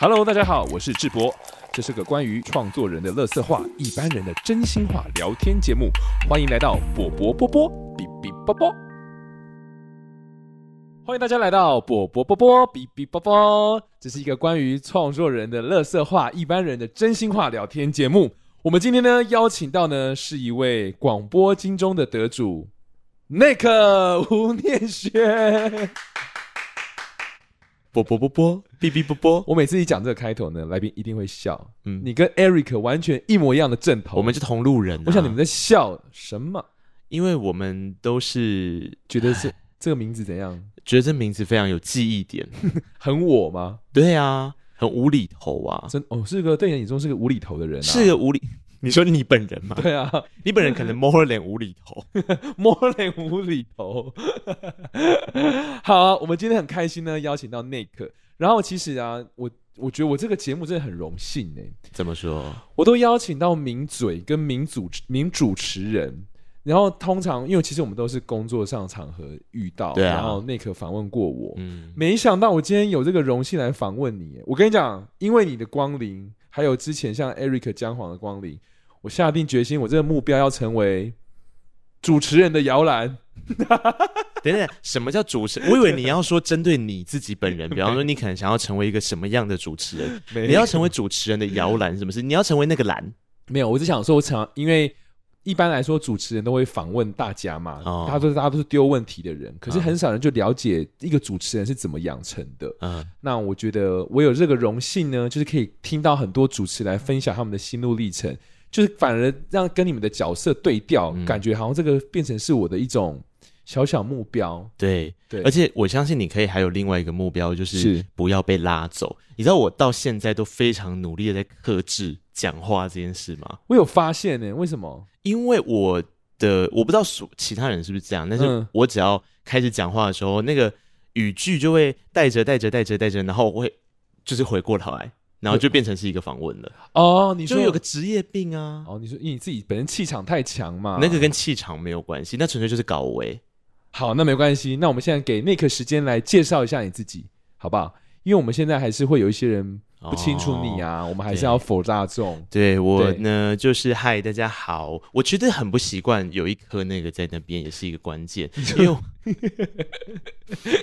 Hello，大家好，我是智博，這是個關於創作人的垃圾話、一般人的真心話聊天節目，歡迎來到博博播播比比波波，歡迎大家來到博博播播比比波波波，這是一個關於創作人的垃圾話、一般人的真心話聊天節目，我們今天呢邀請到呢是一位廣播金鐘的得主，內克吳宇軒。博博播播，博博播播，我每次一講這個開頭呢，來賓一定會笑。嗯，你跟 Eric 完全一模一樣的陣頭，我們是同路人，啊。我想你們在笑什麼？因為我們都是覺得這唉這個名字怎樣？覺得這名字非常有記憶點， 很我嗎？對啊，很無厘頭啊！真哦，是個，對你眼中是個無厘頭的人，啊，是個無厘。你說你本人嗎？對啊，你本人可能摸了臉無厘頭，摸臉 無厘頭。 好、啊，我們今天很開心呢，邀請到內克。然後其實啊，我我覺得我這個節目真的很榮幸呢。怎麼說？我都邀請到名嘴跟名主持、名主持人。然後通常因為其實我們都是工作上場合遇到，啊、然後內克訪問過我。嗯，沒想到我今天有這個榮幸來訪問你。我跟你講，因為你的光臨，還有之前像 Eric 薑黃的光臨。我下定決心，我這個目標要成為主持人的搖籃。等等，什麼叫主持人？我以為你要說針對你自己本人，比方說你可能想要成為一個什麼樣的主持人？你要成為主持人的搖籃，什麼事？你要成為那個籃？沒有，我只想說，我想，因為一般來說，主持人都會訪問大家嘛，哦、大家都是大家都是丟問題的人，可是很少人就了解一個主持人是怎麼養成的。嗯、那我覺得我有這個榮幸呢，就是可以聽到很多主持人來分享他們的心路歷程。就是反而讓跟你們的角色對調，嗯、感覺好像這個變成是我的一種小小目標。對對，對。而且我相信你可以還有另外一個目標，就是不要被拉走。是。你知道我到現在都非常努力的在克制講話這件事嗎？我有發現呢、欸。為什麼？因為我的我不知道屬其他人是不是這樣，但是我只要開始講話的時候，嗯、那個語句就會帶着帶着帶着帶着，然後我會就是回過頭來。然後就變成是一個訪問了哦，你說有個職業病啊？哦，你說你自己本身氣場太強嘛？那個跟氣場沒有關係，那純粹就是搞維。好，那沒關係。那我們現在給那 i 時間來介紹一下你自己，好不好？因為我們現在還是會有一些人不清楚你啊，哦、我們還是要否大眾。對我呢，對就是嗨，大家好。我覺得很不習慣有一顆那個在那邊，也是一個關鍵，因為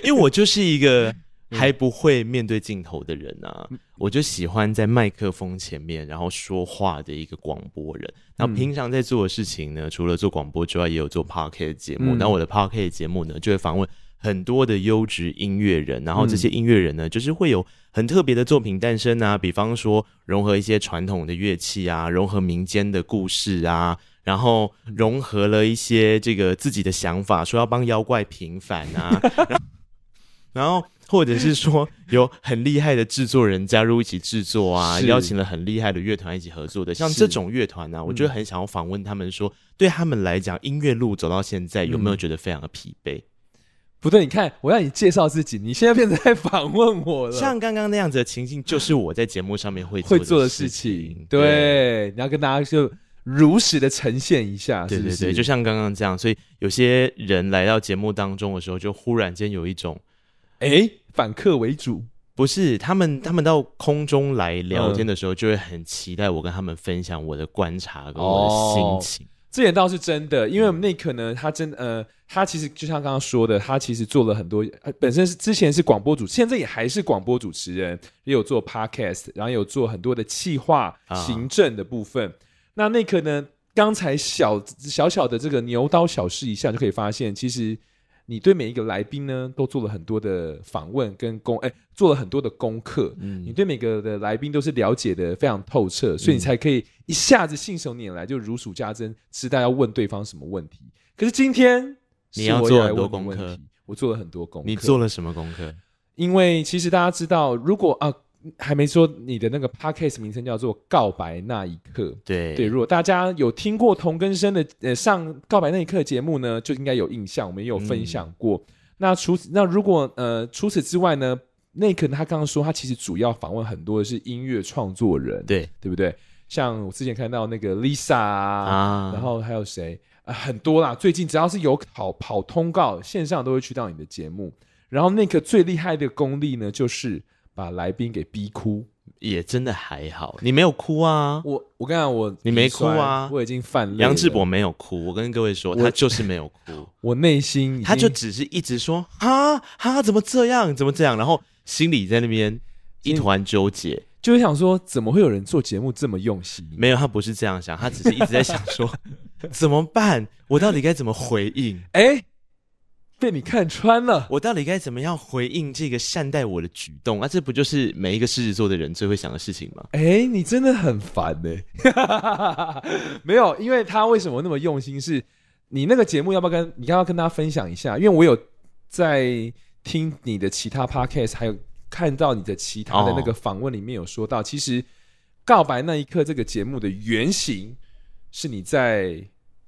因為我就是一個。還不會面對鏡頭的人呢、啊，嗯、我就喜歡在麥克風前面然後說話的一個廣播人。那、嗯、平常在做的事情呢，除了做廣播之外，也有做 podcast 節目。那、嗯、我的 podcast 節目呢，就會訪問很多的優質音樂人。然後這些音樂人呢，嗯、就是會有很特別的作品誕生啊，比方說融合一些傳統的樂器啊，融合民間的故事啊，然後融合了一些這個自己的想法，說要幫妖怪平反啊， 然後。或者是說有很厲害的製作人加入一起製作啊， 是邀請了很厲害的樂團一起合作的，像這種樂團呢，是我就很想要訪問他們說，說、嗯、對他們來講，音樂路走到現在有沒有覺得非常的疲憊、嗯？不對，你看，我要你介紹自己，你現在變成在訪問我了。像剛剛那樣子的情境，就是我在節目上面會會做的事情。事情對，你要跟大家就如實的呈現一下，對對對，是是就像剛剛這樣。所以有些人來到節目當中的時候，就忽然間有一種。哎，反客為主。不是他們，他們到空中來聊天的時候，就會很期待我跟他們分享我的觀察跟我的心情。這點、嗯哦、倒是真的，因為內克呢，他真呃，他其實就像剛剛說的，他其實做了很多，呃、本身是之前是廣播主持，現在也還是廣播主持人，也有做 Podcast，然後有做很多的企劃行政的部分。啊、那內克呢，剛才小，小小的這個牛刀小試一下，就可以發現其實。你對每一個來賓呢，都做了很多的訪問跟功，哎、欸，做了很多的功課。嗯，你對每個的來賓都是了解的非常透徹，嗯、所以你才可以一下子信手拈來，就如數家珍，知道要問對方什麼問題。可是今天，你要做很多功課，是我要來問你問題，我做了很多功課。你做了什麼功課？因為其實大家知道，如果啊。還沒說你的那個 Podcast 名稱叫做《告白那一刻》。對對，如果大家有聽過同根生的呃上《告白那一刻》節目呢，就應該有印象。我們也有分享過。嗯、那除那如果呃除此之外呢，嗯、內克他剛剛說他其實主要訪問很多的是音樂創作人，對對不對？像我之前看到那個 Lisa 啊，然後還有誰、呃、很多啦。最近只要是有跑跑通告，線上都會去到你的節目。然後內克最厲害的功力呢，就是，把來賓給逼哭，也真的還好。你沒有哭啊？我我跟你講，我，我你沒哭啊？我已經犯了。楊智博沒有哭，我跟各位說，我他就是沒有哭。我內心，他就只是一直說啊啊，怎麼這樣，怎麼這樣，然後心裡在那邊一團糾結，就是想說怎麼會有人做節目這麼用心？沒有，他不是這樣想，他只是一直在想說 怎麼辦，我到底該怎麼回應？哎、欸。被你看穿了，我到底該怎麼樣回應這個善待我的舉動啊？這不就是每一個獅子座的人最會想的事情嗎？哎、欸，你真的很煩哎、欸！ 沒有，因為他為什麼那麼用心是？是你那個節目要不要跟你剛剛跟大家分享一下？因為我有在聽你的其他 podcast，還有看到你的其他的那個訪問，裡面有說到，哦、其實告白那一刻這個節目的原型是你在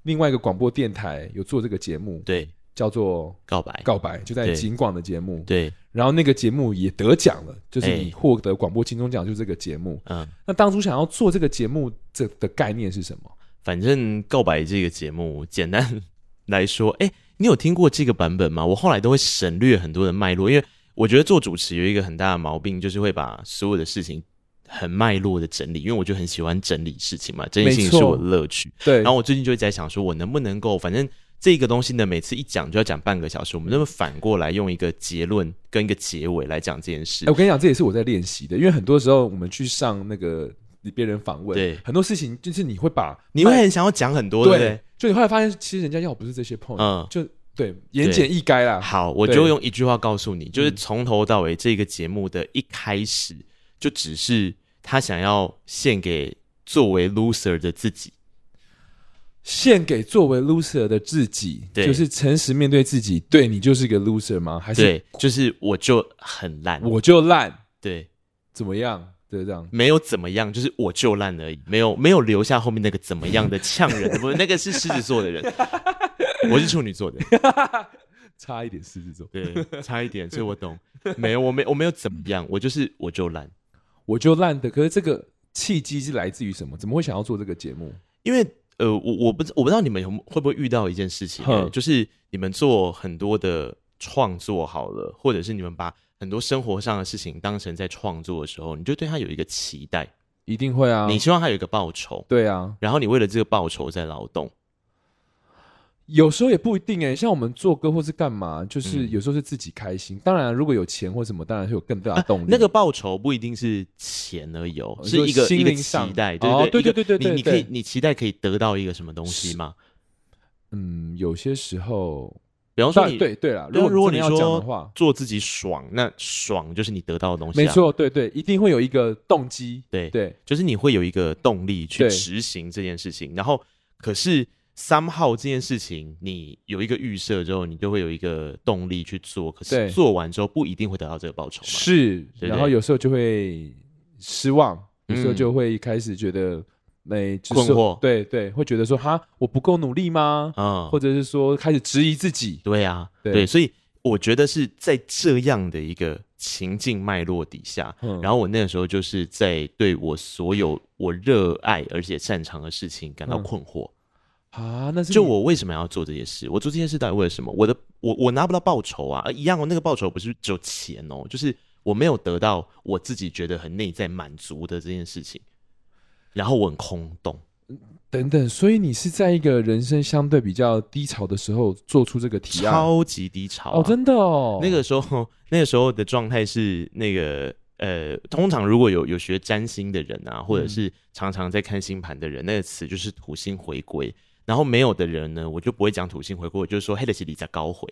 另外一個廣播電臺有做這個節目，對。叫做告白，告白就在警廣的節目，對。然後那個節目也得獎了，對就是你獲得廣播金鐘獎，就是這個節目。嗯，那當初想要做這個節目，這的概念是什麼？反正告白這個節目，簡單來說，哎、欸，你有聽過這個版本嗎？我後來都會省略很多的脈絡，因為我覺得做主持有一個很大的毛病，就是會把所有的事情很脈絡的整理，因為我就很喜歡整理事情嘛，整理事情是我的樂趣。對錯。然後我最近就在想，說我能不能夠，反正。這個東西呢，每次一講就要講半個小時。我們能不能反過來用一個結論跟一個結尾來講這件事。欸，我跟你講，這也是我在練習的，因為很多時候我們去上那個別人訪問，對很多事情就是你會把，你會很想要講很多，對，對不對，就你後來發現其實人家要不是這些 point，嗯，就對，言簡意賅啦。好，對我就用一句話告訴你，就是從頭到尾這個節目的一開始、嗯、就只是他想要獻給作為 loser 的自己。獻給作為 loser 的自己，對就是誠實面對自己。對，你就是個 loser 嗎？還是對，就是我就很爛，我就爛。對，怎麼樣？對，這樣沒有怎麼樣，就是我就爛而已。沒有，沒有留下後面那個怎麼樣的嗆人。 不是，那個是獅子座的人， 我是處女座的， 差一點獅子座，對，差一點。所以我懂， 沒有，我沒，我沒有怎麼樣，我就是我就爛，我就爛的。可是這個契機是來自於什麼？怎麼會想要做這個節目？因為。呃，我我不我不知道你們有會不會遇到一件事情，呵欸，就是你們做很多的創作好了，或者是你們把很多生活上的事情當成在創作的時候，你就對他有一個期待，一定會啊，你希望他有一個報酬，對啊，然後你為了這個報酬在勞動。有時候也不一定哎，像我們做歌或是幹嘛，就是有時候是自己開心。當然，如果有錢或什麼，當然是有更大的動力。那個報酬不一定是錢而已，是一個一個期待，對對對對對，你你可以，你期待可以得到一個什麼東西嗎？嗯，有些時候，比方說你，對對啦，如果如果你說做自己爽，那爽就是你得到的東西。沒錯，對對，一定會有一個動機，對對，就是你會有一個動力去執行這件事情。然後可是。三號這件事情，你有一個預設之後，你就會有一個動力去做。可是做完之後，不一定會得到這個報酬。對對對是，然後有時候就會失望，有時候就會開始覺得沒、嗯哎、困惑。對對，會覺得說哈，我不夠努力嗎？啊、嗯，或者是說開始質疑自己。對啊，對，對，所以我覺得是在這樣的一個情境脈絡底下，嗯、然後我那個時候就是在對我所有我熱愛而且擅長的事情感到困惑。嗯啊，那是就我為什麼要做這件事？我做這件事到底為了什麼？我的我我拿不到報酬啊，而一樣哦，那個報酬不是只有錢哦，就是我沒有得到我自己覺得很內在滿足的這件事情，然後我很空洞。等等，所以你是在一個人生相對比較低潮的時候做出這個提案？超級低潮啊，哦，真的哦，那個時候那個時候的狀態是那個呃，通常如果有有學占星的人啊，或者是常常在看星盤的人，嗯，那個詞就是土星回歸。然後沒有的人呢，我就不會講土星回歸，我就說黑的是你在高回。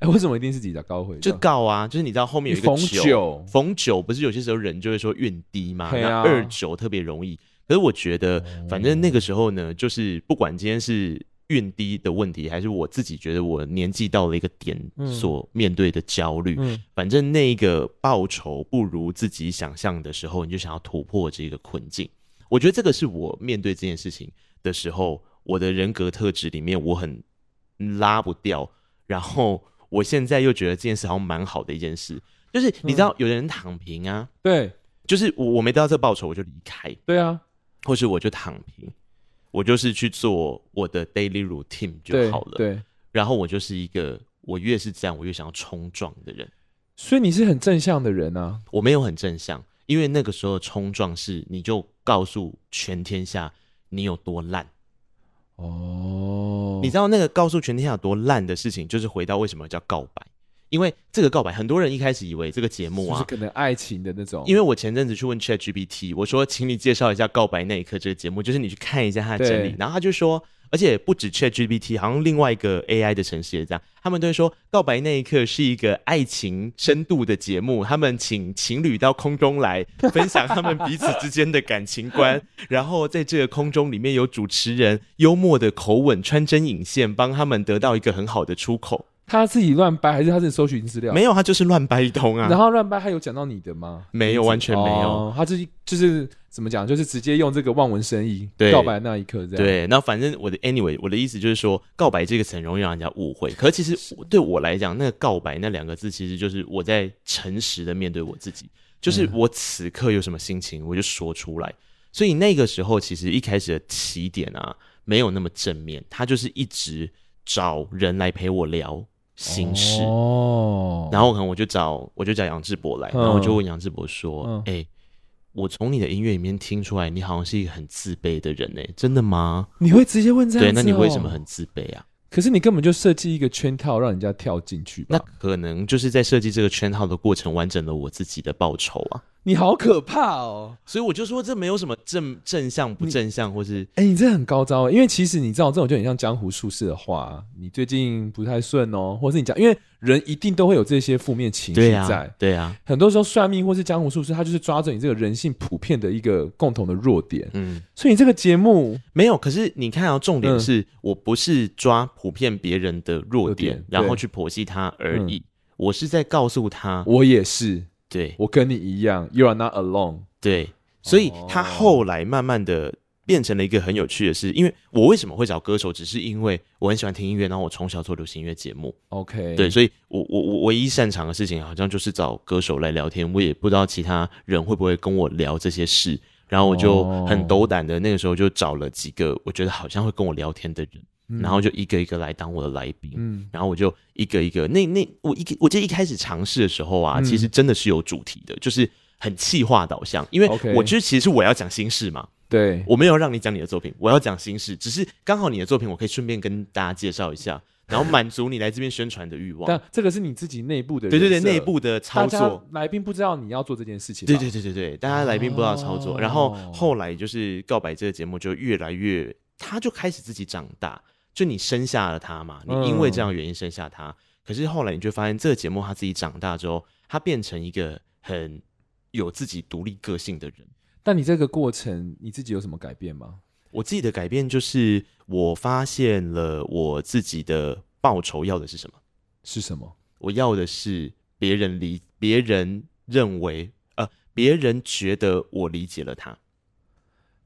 為什、 欸、麼一定是你在高回？就高啊！就是你知道後面有一個9，逢九酒逢九，不是有些時候人就會說運低嘛？啊、那二九特別容易。可是我覺得，反正那個時候呢，就是不管今天是運低的問題，嗯、還是我自己覺得我年紀到了一個點所面對的焦慮，嗯嗯、反正那個報酬不如自己想象的時候，你就想要突破這個困境。我覺得這個是我面對這件事情。的時候，我的人格特質裡面，我很拉不掉，然後我現在又覺得這件事好像蠻好的一件事，就是你知道，有的人躺平啊，嗯、對，就是我我沒得到這報酬，我就離開，對啊，或是我就躺平，我就是去做我的 daily routine 就好了，對，對然後我就是一個我越是這樣，我越想要衝撞的人，所以你是很正向的人啊，我沒有很正向，因為那個時候衝撞是你就告訴全天下。你有多爛？哦，你知道那個告訴全天下有多爛的事情，就是回到為什麼要叫告白。因為這個告白，很多人一開始以為這個節目啊，是可能愛情的那種。因為我前陣子去問 Chat GPT，我說，請你介紹一下《告白那一刻》這個節目，就是你去看一下它的真理。對然後他就說，而且不止 Chat GPT，好像另外一個 AI 的程式也這樣，他們都會說，《告白那一刻》是一個愛情深度的節目，他們請情侶到空中來分享他們彼此之間的感情觀， 然後在這個空中裡面有主持人幽默的口吻穿針引線，幫他們得到一個很好的出口。他自己亂掰還是他自己搜尋資料？沒有，他就是亂掰一通啊。然後亂掰，他有講到你的嗎？沒有，完全沒有。哦、他自己就是怎麼講，就是直接用這個望文生義。對告白那一刻這樣，對。然後反正我的 anyway，我的意思就是說，告白這個詞很容易讓人家誤會。可其實對我來講，那個、告白那兩個字，其實就是我在誠實的面對我自己，就是我此刻有什麼心情，我就說出來。嗯、所以那個時候，其實一開始的起點啊，沒有那麼正面。他就是一直找人來陪我聊。形式，哦、然後可能我就找我就找楊智博來，嗯、然後我就問楊智博說：“誒、嗯，欸，我從你的音樂裡面聽出來，你好像是一個很自卑的人誒、欸，真的嗎？你會直接問這樣子、哦、對，那你為什麼很自卑啊？可是你根本就設計一個圈套，讓人家跳進去吧。那可能就是在設計這個圈套的過程，完整了我自己的報酬啊。”你好可怕哦，所以我就說這沒有什麼正正向不正向，你或是哎，欸、你這很高招，因為其實你知道這種就很像江湖術士的話，啊，你最近不太順哦、喔，或是你講，因為人一定都會有這些負面情緒在對，啊，對啊，很多時候算命或是江湖術士，他就是抓着你這個人性普遍的一個共同的弱點，嗯，所以你這個節目沒有，可是你看啊，重點是、嗯、我不是抓普遍別人的弱點，弱點，然後去剖析他而已，嗯、我是在告訴他，我也是。對，我跟你一樣，You are not alone。對，所以他後來慢慢的變成了一個很有趣的事。因為我為什麼會找歌手，只是因為我很喜歡聽音樂，然後我從小做流行音樂節目。OK，對，所以我我我唯一擅長的事情，好像就是找歌手來聊天。我也不知道其他人會不會跟我聊這些事，然後我就很斗膽的那個時候，就找了幾個我覺得好像會跟我聊天的人。嗯、然後就一個一個來當我的來賓，嗯、然後我就一個一個那那我一我記得一開始嘗試的時候啊，嗯、其實真的是有主題的，就是很企劃導向，因為我覺得其實是我要講心事嘛，對 Okay, 我沒有讓你講你的作品，對我要講心事，只是剛好你的作品我可以順便跟大家介紹一下，然後滿足你來這邊宣傳的慾望。但這個是你自己內部的，對對對，內部的操作，來賓不知道你要做這件事情，對對對對對，大家來賓不知道操作。哦、然後後來就是告白這個節目就越來越，他就開始自己長大。就你生下了他嘛？你因為這樣的原因生下他。嗯，可是後來你就發現這個節目他自己長大之後，他變成一個很有自己獨立個性的人。但你這個過程，你自己有什麼改變嗎？我自己的改變就是，我發現了我自己的報酬要的是什麼？是什麼？我要的是別人理，別人認為，呃，別人覺得我理解了他。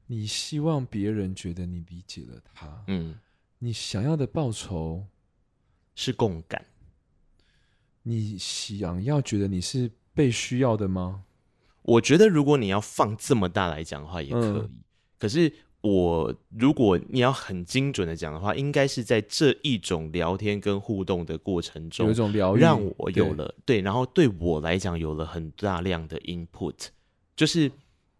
你希望別人覺得你理解了他？嗯。你想要的報酬是共感？你想要覺得你是被需要的嗎？我覺得如果你要放這麼大來講的話，也可以。嗯、可是我如果你要很精準的講的話，應該是在這一種聊天跟互動的過程中，有一種療癒，讓我有了對，對，然後對我來講有了很大量的 input，就是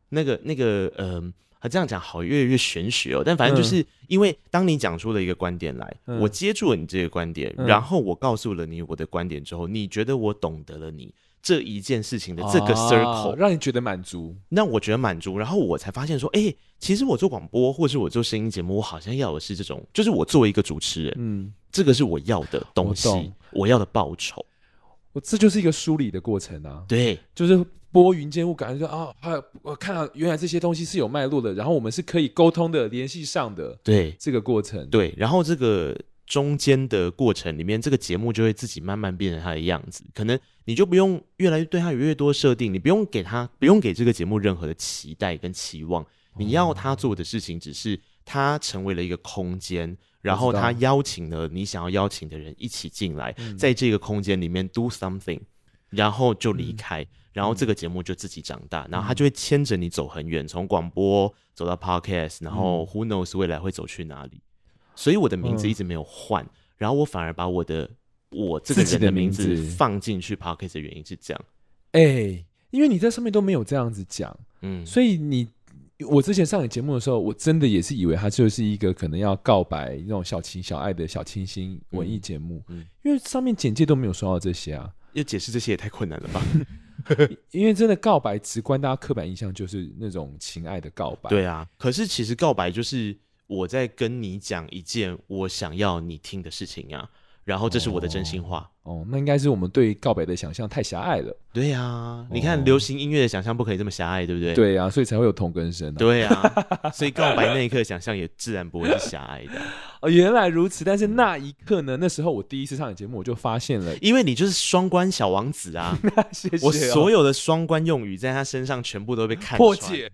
那個那個嗯。呃他這樣講好，越來越玄學喔。但反正就是因為當你講出了一個觀點來，嗯，我接住了你這個觀點，嗯，然後我告訴了你我的觀點之後，嗯，你覺得我懂得了你這一件事情的這個 circle，啊，讓你覺得滿足，那我覺得滿足，然後我才發現說，欸，其實我做廣播或是我做聲音節目，我好像要的是這種，就是我作為一個主持人，嗯，這個是我要的東西，我懂，我要的報酬，我這就是一個梳理的過程啊，對，就是。撥雲見霧，感覺說、哦、啊，我看到原來這些東西是有脈絡的，然後我們是可以溝通的，聯繫上的。對這個過程，對、對。然後這個中間的過程裡面，這個節目就會自己慢慢變成它的樣子。可能你就不用越來越對它有越多設定，你不用給它，不用給這個節目任何的期待跟期望。嗯、你要它做的事情，只是它成為了一個空間，然後它邀請了你想要邀請的人一起進來，嗯、在這個空間裡面 do something，然後就離開。嗯然後這個節目就自己長大，嗯、然後他就會牽着你走很遠，從廣播走到 podcast，嗯，然後 who knows 未來會走去哪裡？所以我的名字一直沒有換，嗯、然後我反而把我的我自己的名字放進去 podcast 的原因是這樣，哎，因為你在上面都沒有這樣子講，嗯，所以你我之前上你節目的時候，我真的也是以為他就是一個可能要告白那種小情小愛的小清新文藝節目，嗯嗯、因為上面簡介都沒有說到這些啊，要解釋這些也太困難了吧。 因為真的告白，直觀大家刻板印象就是那種情愛的告白。對啊，可是其實告白就是我在跟你講一件我想要你聽的事情啊。然後這是我的真心話。哦，哦，那應該是我們對告白的想象太狹隘了。對啊。你看流行音樂的想象不可以這麼狹隘，對不對？對啊，所以才會有同根生啊。對啊，所以告白那一刻想象也自然不會是狹隘的。哦，原來如此！但是那一刻呢？嗯、那時候我第一次上你節目，我就發現了，因為你就是雙關小王子啊。 謝謝、喔、我所有的雙關用語，在他身上全部都被看出來。破解，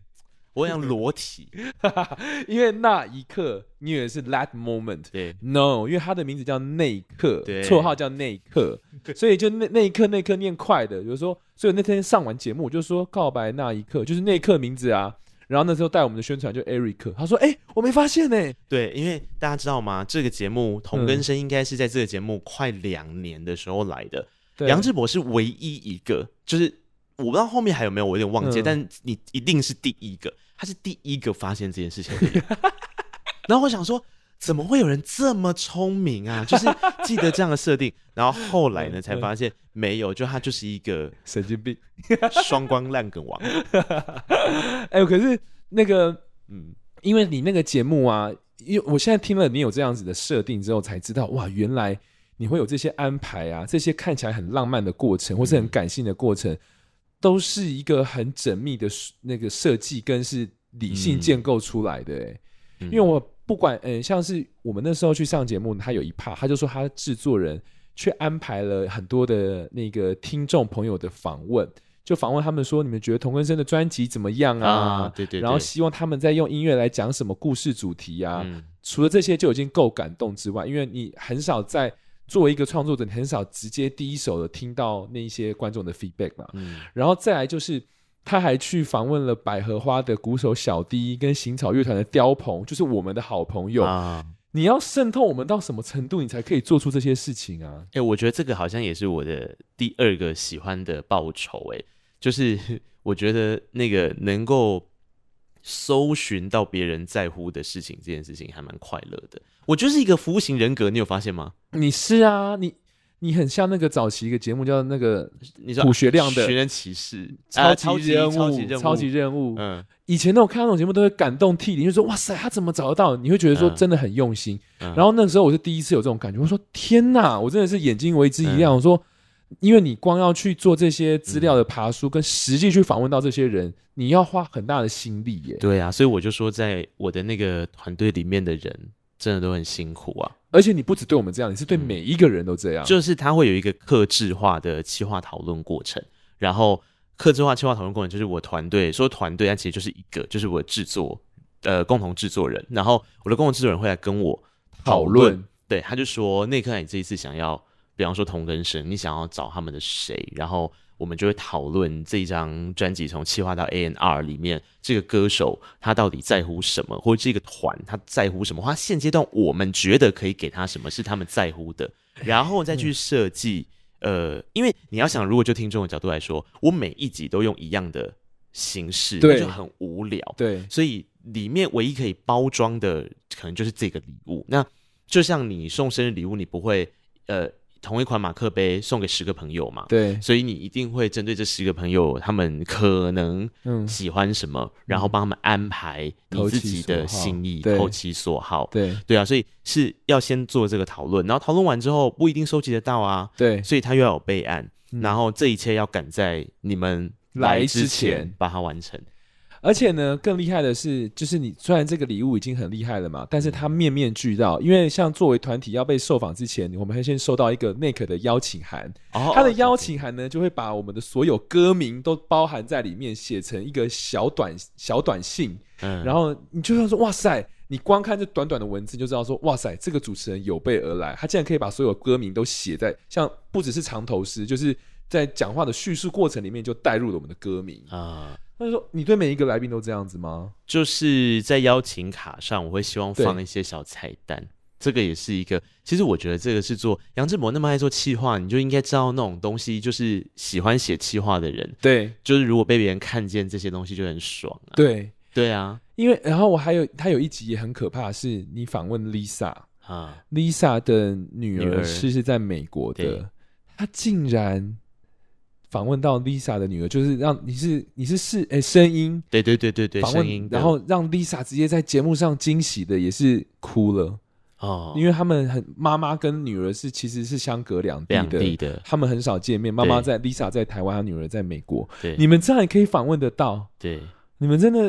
我想裸體， 因為那一刻，你以為是 that moment，對，No，因為他的名字叫內克，對，綽號叫內克。對所以就那那一刻，內克念快的，比、就、如、是、說，所以那天上完節目，我就說告白那一刻，就是內克名字啊。然後那時候帶我們的宣傳就艾瑞克，他說：“哎、欸，我沒發現呢、欸。”對，因為大家知道嗎？這個節目《同根生》應該是在這個節目快兩年的時候來的。楊、嗯、智博是唯一一個，就是我不知道後面還有沒有，我有點忘記，嗯、但你一定是第一個，他是第一個發現這件事情的人。 然後我想說，怎麼會有人這麼聰明啊？就是記得這樣的設定， 然後後來呢，才發現。嗯沒有，就他就是一個神經病，雙關爛梗王。經 哎，可是那個，嗯，因為你那個節目啊，因為我現在聽了你有這樣子的設定之後，才知道，哇，原來你會有這些安排啊，這些看起來很浪漫的過程，或是很感性的過程，嗯、都是一個很縝密的那個設計，跟是理性建構出來的。嗯、因為我不管，嗯，像是我們那時候去上節目，他有一 part 他就說他的制作人。卻安排了很多的那個聽眾朋友的訪問，就訪問他們說，你們覺得童根生的專輯怎麼樣啊？啊對，對對。然後希望他們再用音樂來講什麼故事主題啊？嗯、除了這些就已經夠感動之外，因為你很少在作為一個創作者，你很少直接第一手的聽到那些觀眾的 feedback 嘛。嗯、然後再來就是，他還去訪問了百合花的鼓手小 D 跟行草樂團的雕鵬，就是我們的好朋友、啊你要滲透我們到什麼程度，你才可以做出這些事情啊？誒、欸，我覺得這個好像也是我的第二個喜歡的報酬、欸。誒，就是我覺得那個能夠搜尋到別人在乎的事情，這件事情還蠻快樂的。我就是一個服務型人格，你有發現嗎？你是啊，你。你很像那個早期一個節目，叫那個你說胡雪亮的《尋人啟事》，超級任務，超級任務，嗯，以前呢，我看那種節目都會感動涕零，就說哇塞，他怎麼找得到？你會覺得說真的很用心。嗯嗯、然後那時候我是第一次有這種感覺，我說天哪，我真的是眼睛為之一亮。嗯、我說，因為你光要去做這些資料的爬梳，跟實際去訪問到這些人，嗯、你要花很大的心力耶。對啊，所以我就說，在我的那個團隊裡面的人，真的都很辛苦啊。而且你不只對我們這樣，你是對每一個人都這樣。就是他會有一個客製化的企劃討論過程，然後客製化的企劃討論過程就是我團隊說團隊，但其實就是一個，就是我制作呃共同製作人，然後我的共同製作人會來跟我討論，討論。對，他就說內克、那個、你這一次想要，比方說同根生，你想要找他們的誰，然後。我們就會討論這張專輯從企劃到 A N R 裡面，這個歌手他到底在乎什麼，或者這個團他在乎什麼，他現階段我們覺得可以給他什麼是他們在乎的，然後再去設計。唉呃，因為你要想，如果就聽眾的角度來說，我每一集都用一樣的形式，對那就很無聊。對，所以裡面唯一可以包裝的，可能就是這個禮物。那就像你送生日禮物，你不會呃。同一款馬克杯送給十個朋友嘛？對，所以你一定會針對這十個朋友，他們可能喜歡什麼，嗯、然後幫他們安排你自己的心意，投其所好。對，對啊，所以是要先做這個討論，然後討論完之後不一定收集得到啊。對，所以他又要有備案，嗯、然後這一切要趕在你們來之前把它完成。而且呢，更厲害的是，就是你雖然這個禮物已經很厲害了嘛，但是它面面俱到。嗯、因為像作為團體要被受訪之前，我們還先收到一個內克的邀請函。他、哦、的邀請函呢，嗯、就會把我們的所有歌名都包含在裡面，寫成一個小短小短信。嗯，然後你就算說，哇塞！你光看這短短的文字，就知道說，哇塞，這個主持人有備而來，他竟然可以把所有歌名都寫在，像不只是藏頭詩，就是在講話的敘述過程裡面就帶入了我們的歌名啊。嗯他說：“你對每一個來賓都這樣子嗎？”就是在邀請卡上，我會希望放一些小彩蛋。對這個也是一個，其實我覺得這個是做楊智博那麼愛做企劃，你就應該知道那種東西，就是喜歡寫企劃的人，對，就是如果被別人看見這些東西就很爽、啊。對，對啊，因為然後我還有他有一集也很可怕，是你訪問 Lisa 啊，Lisa 的女兒是兒是在美國的，她對竟然。訪問到 Lisa 的女兒，就是讓你是你是是誒、欸、聲音，對對對對對，訪問，聲音的，然後讓 Lisa 直接在節目上驚喜的也是哭了哦，因為他們很媽媽跟女兒是其實是相隔兩地的，兩地的，他們很少見面，媽媽在對，Lisa 在台灣，她女兒在美國，對，你們這樣也可以訪問得到，對，你們真的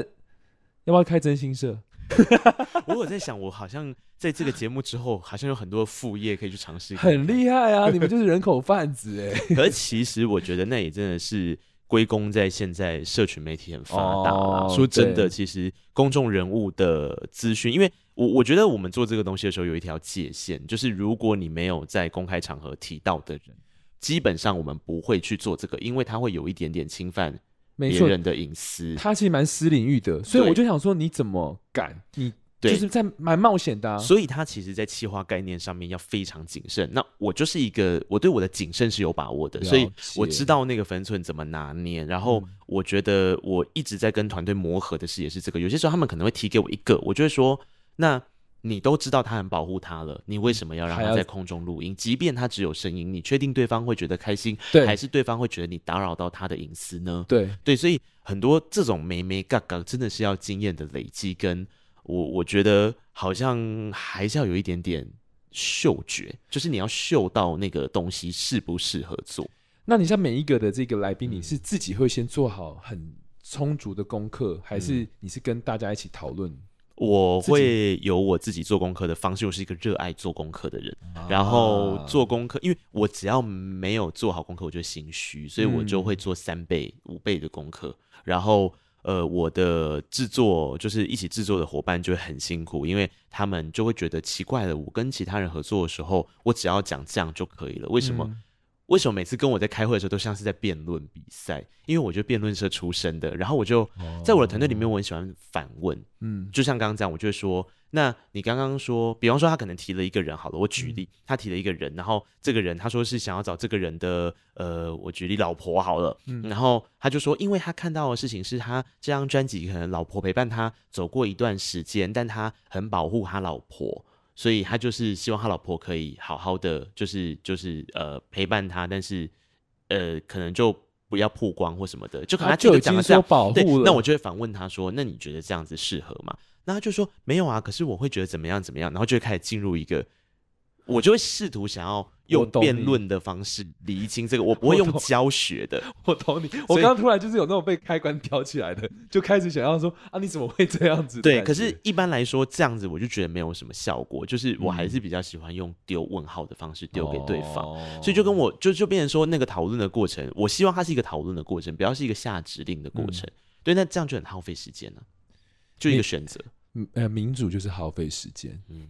要不要開真心社？ 我有我在想，我好像在這個節目之後， 好像有很多副業可以去嘗試。很厲害啊，你們就是人口販子哎！ 可是其實我覺得，那也真的是歸功在現在社群媒體很發達，啊。說、oh, 真的，對其實公眾人物的資訊，因為我我覺得我們做這個東西的時候，有一條界限，就是如果你沒有在公開場合提到的人，基本上我們不會去做這個，因為它會有一點點侵犯。別人的隱私，他其實蠻私領域的，對所以我就想說，你怎麼敢？你就是在蠻冒險的啊。所以他其實在企劃概念上面要非常謹慎。那我就是一個，我對我的謹慎是有把握的，解所以我知道那個分寸怎麼拿捏。然後我覺得我一直在跟團隊磨合的事也是這個。有些時候他們可能會提給我一個，我就會說那。你都知道他很保護他了，你為什麼要讓他在空中錄音？要即便他只有聲音，你確定對方會覺得開心，對還是對方會覺得你打擾到他的隱私呢？對對，所以很多這種眉眉角角，真的是要經驗的累積，跟我我覺得好像還是要有一點點嗅覺，就是你要嗅到那個東西適不適合做。那你像每一個的這個來賓，你是自己會先做好很充足的功課，嗯、還是你是跟大家一起討論？我會有我自己做功課的方式，我是一個熱愛做功課的人。啊、然後做功課，因為我只要沒有做好功課，我就心虛，所以我就會做三倍、嗯、五倍的功課。然後，呃，我的制作就是一起制作的夥伴就會很辛苦，因為他們就會覺得奇怪了。我跟其他人合作的時候，我只要講這樣就可以了，為什麼？嗯為什麼每次跟我在開會的時候都像是在辯論比賽？因為我是辯論社出身的，然後我就、oh, 在我的團隊裡面，我很喜歡反問。嗯，就像剛剛這樣，我就會說：那你剛剛說，比方說他可能提了一個人，好了，我舉例，嗯、他提了一個人，然後這個人他說是想要找這個人的，呃，我舉例老婆好了，嗯、然後他就說，因為他看到的事情是他這張專輯可能老婆陪伴他走過一段時間，但他很保護他老婆。所以他就是希望他老婆可以好好的、就是，就是就是呃陪伴他，但是呃可能就不要曝光或什麼的，就可能他就會講了這樣，對，那我就會反問他說：“那你覺得這樣子適合嗎？”那他就說：“沒有啊，可是我會覺得怎麼樣怎麼樣。”然後就會開始進入一個。我就會試圖想要用辯論的方式釐清這個，我,我不會用教學的。我懂,我懂你，我剛突然就是有那種被開關挑起來的，就開始想要說啊，你怎麼會這樣子的？對，可是一般來說這樣子我就覺得沒有什麼效果，就是我還是比較喜歡用丟問號的方式丟給對方，嗯、所以就跟我就就變成說那個討論的過程，我希望它是一個討論的過程，不要是一個下指令的過程。嗯、對，那這樣就很耗費時間呢、啊。就一個選擇，呃，民主就是耗費時間，嗯。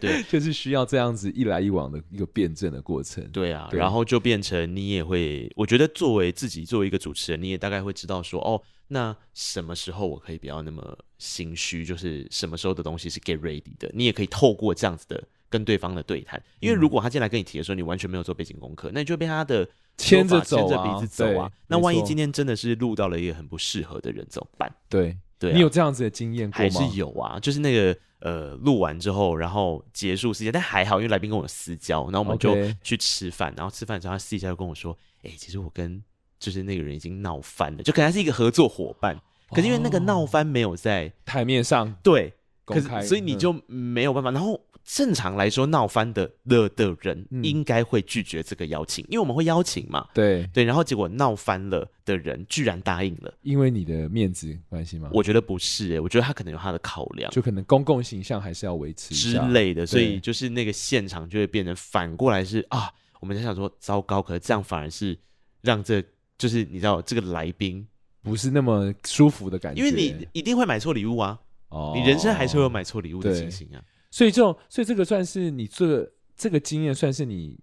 對 就是需要這樣子一來一往的一個辯證的過程。對啊，對。然後就變成你也會，我覺得作為自己作為一個主持人，你也大概會知道說，哦，那什麼時候我可以不要那麼心虛？就是什麼時候的東西是 get ready 的，你也可以透過這樣子的跟對方的對談。嗯，因為如果他進來跟你提的時候，你完全沒有做背景功課，那你就被他的牽着走啊，牽着鼻子走啊。對那萬一今天真的是錄到了一個很不適合的人，怎麼辦？對對，對啊，你有這樣子的經驗過嗎？還是有啊？就是那個。.呃，錄完之後，然後結束時間，但還好，因為來賓跟我私交，然後我們就去吃飯。Okay. 然後吃飯之後，他私下就跟我說：“哎、欸，其實我跟就是那個人已經鬧翻了，就可能他是一個合作夥伴。哦、可是因為那個鬧翻沒有在台面上，對，公開，可是嗯、所以你就沒有辦法。”然後。正常來說，鬧翻的了的人應該會拒絕這個邀請，嗯、因為我們會邀請嘛。對對，然後結果鬧翻了的人居然答應了，因為你的面子關係嗎？我覺得不是、欸，我覺得他可能有他的考量，就可能公共形象還是要維持之類的。所以就是那個現場就會變成反過來是對啊，我們在想說糟糕，可是這樣反而是讓這就是你知道這個來賓不是那麼舒服的感覺，因為你一定會買錯禮物啊。哦，你人生還是會有買錯禮物的情形啊。所以這種，所以這個算是你這這個經驗，算是你，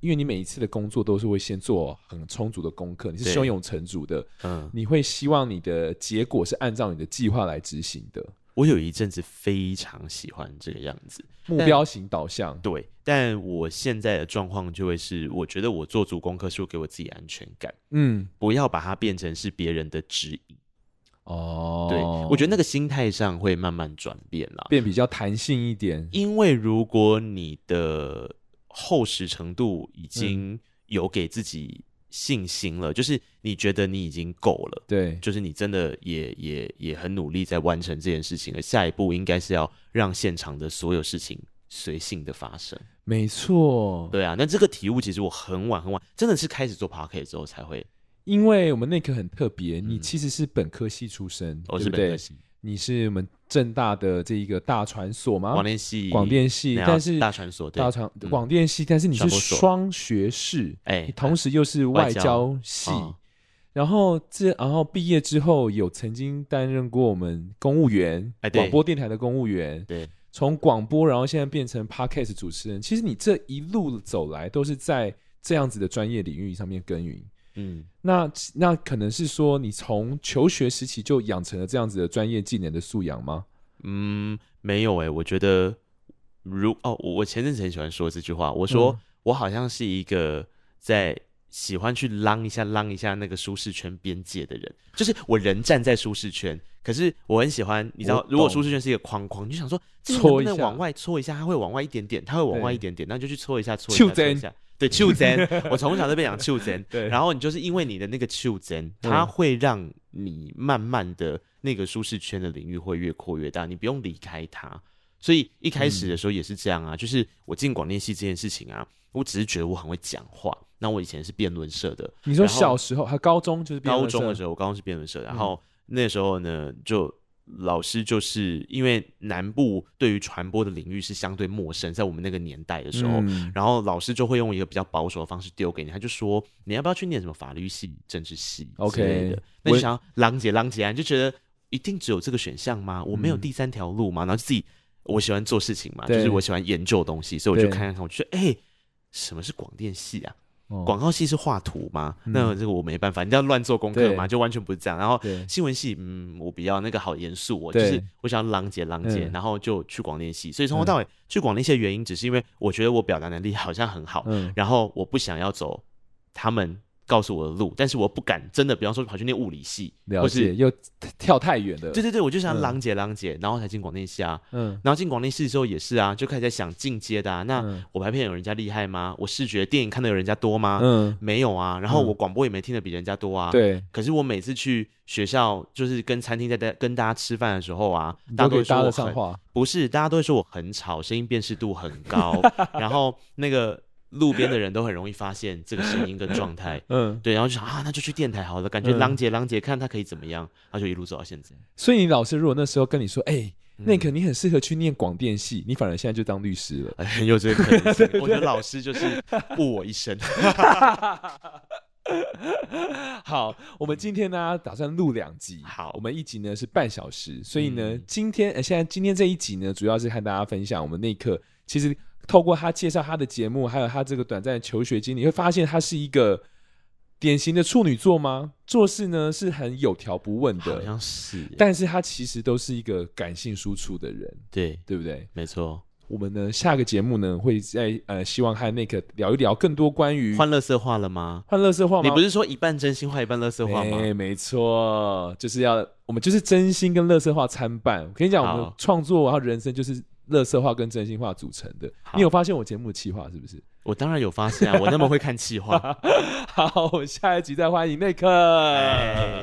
因為你每一次的工作都是會先做很充足的功課，你是胸有成竹的，嗯，你會希望你的結果是按照你的計劃來執行的。我有一陣子非常喜歡這個樣子，但目標型導向，對，但我現在的狀況就會是，我覺得我做足功課是會給我自己安全感，嗯，不要把它變成是別人的指引。哦，oh, 對，我覺得那個心態上會慢慢轉變了，變比較彈性一點。因為如果你的厚實程度已經有給自己信心了，嗯、就是你覺得你已經夠了，對、嗯，就是你真的也也也很努力在完成這件事情，而下一步應該是要讓現場的所有事情隨性的發生。沒錯對，對啊，那這個體悟其實我很晚很晚，真的是開始做 Podcast 之後才會。因為我們內克很特別，你其實是本科系出身，對不對？你是我們政大的這一個大傳所嗎？廣電系，廣電系，但是大傳所，大傳廣電系，但是你是雙學士，哎，同時又是外交系，然後這，然後畢業之後有曾經擔任過我們公務員，廣播電台的公務員，對，從廣播，然後現在變成 podcast 主持人，其實你這一路走來都是在這樣子的專業領域上面耕耘。嗯，那那可能是說你從求學時期就養成了這樣子的專業技能的素養嗎？嗯，沒有哎、欸，我覺得如哦，我前陣子很喜歡說這句話，我說我好像是一個在喜歡去浪一下浪一下那個舒適圈邊界的人，就是我人站在舒適圈，可是我很喜歡，你知道，懂如果舒適圈是一個框框，你就想說戳一下往外戳一下，它會往外一點點，它會往外一點點，對那就去戳一下戳一下戳一,一下。懂對，Q Z， 我從小就被講 Q Z，然後你就是因為你的那個 Q Z，它會讓你慢慢的那個舒適圈的領域會越擴越大，嗯、你不用離開它。所以一開始的時候也是這樣啊，就是我進廣電系這件事情啊，我只是覺得我很會講話。那我以前是辯論社的。你說小時候後還高中就是辯論社高中的時候，我高中是辯論社，然後那時候呢就。老師就是因為南部對於傳播的領域是相對陌生，在我們那個年代的時候，嗯、然後老師就會用一個比較保守的方式丟給你，他就說你要不要去念什麼法律系、政治系之類的？Okay，那你想要，郎姐郎姐，你就覺得一定只有這個選項嗎？我沒有第三條路嗎？然後自己我喜歡做事情嘛，嗯、就是我喜歡研究的東西，對所以我就看看看，我就說，哎、欸，什麼是廣電系啊？廣告系是畫圖嗎？嗯、那這個我沒辦法，你要亂做功課嘛，對就完全不是這樣。然後新聞系，對嗯，我比較那個好嚴肅、哦，我對就是我想要浪姐浪姐，對然後就去廣電系。所以從頭到尾、嗯、去廣電系的原因，只是因為我覺得我表達能力好像很好，嗯、然後我不想要走他們告訴我的路，但是我不敢真的，比方說跑去念物理系，了解，或是又跳太遠的。對對對，我就想浪姐，姐，浪姐，嗯，然後才進廣電系啊。嗯，然後進廣電系的時候也是啊，就開始在想進階的啊。那我拍片有人家厲害嗎？我視覺電影看的有人家多嗎？嗯，沒有啊。然後我廣播也沒聽的比人家多啊。對，嗯，可是我每次去學校，就是跟餐廳在跟大家吃飯的時候啊，大家都會說我話。不是，大家都會說我很吵，聲音辨識度很高。 然後那個。路邊的人都很容易發現這個聲音跟狀態，嗯，對，然後就想啊，那就去電台好了。感覺浪姐，浪姐看他可以怎麼樣，他就一路走到現在。所以你老師如果那時候跟你說，哎、欸，嗯、內克你，你很適合去念廣電系，你反而現在就當律師了，很有這個可能。 對對對，我的老師就是誤我一生。 好，我們今天呢、啊、打算錄兩集。好，我們一集呢是半小時，所以呢、嗯、今天、呃、現在今天這一集呢主要是和大家分享我們內克其實。透過他介紹他的節目，還有他這個短暫的求學經歷，你會發現他是一個典型的處女座嗎？做事呢是很有條不紊的，好像是。但是，他其實都是一個感性輸出的人，對對不對？沒錯錯。我們呢，下個節目呢，會在呃，希望和內克聊一聊更多關於換垃圾話了嗎？換垃圾話嗎？你不是說一半真心話，一半垃圾話嗎？哎，沒錯，就是要我們就是真心跟垃圾話參半。我好跟你講，我們創作然後人生就是。樂色話跟真心話組成的。好你有發現我節目企劃，是不是？我當然有發現啊，我那麼會看企劃。 好，我們下一集再歡迎內克。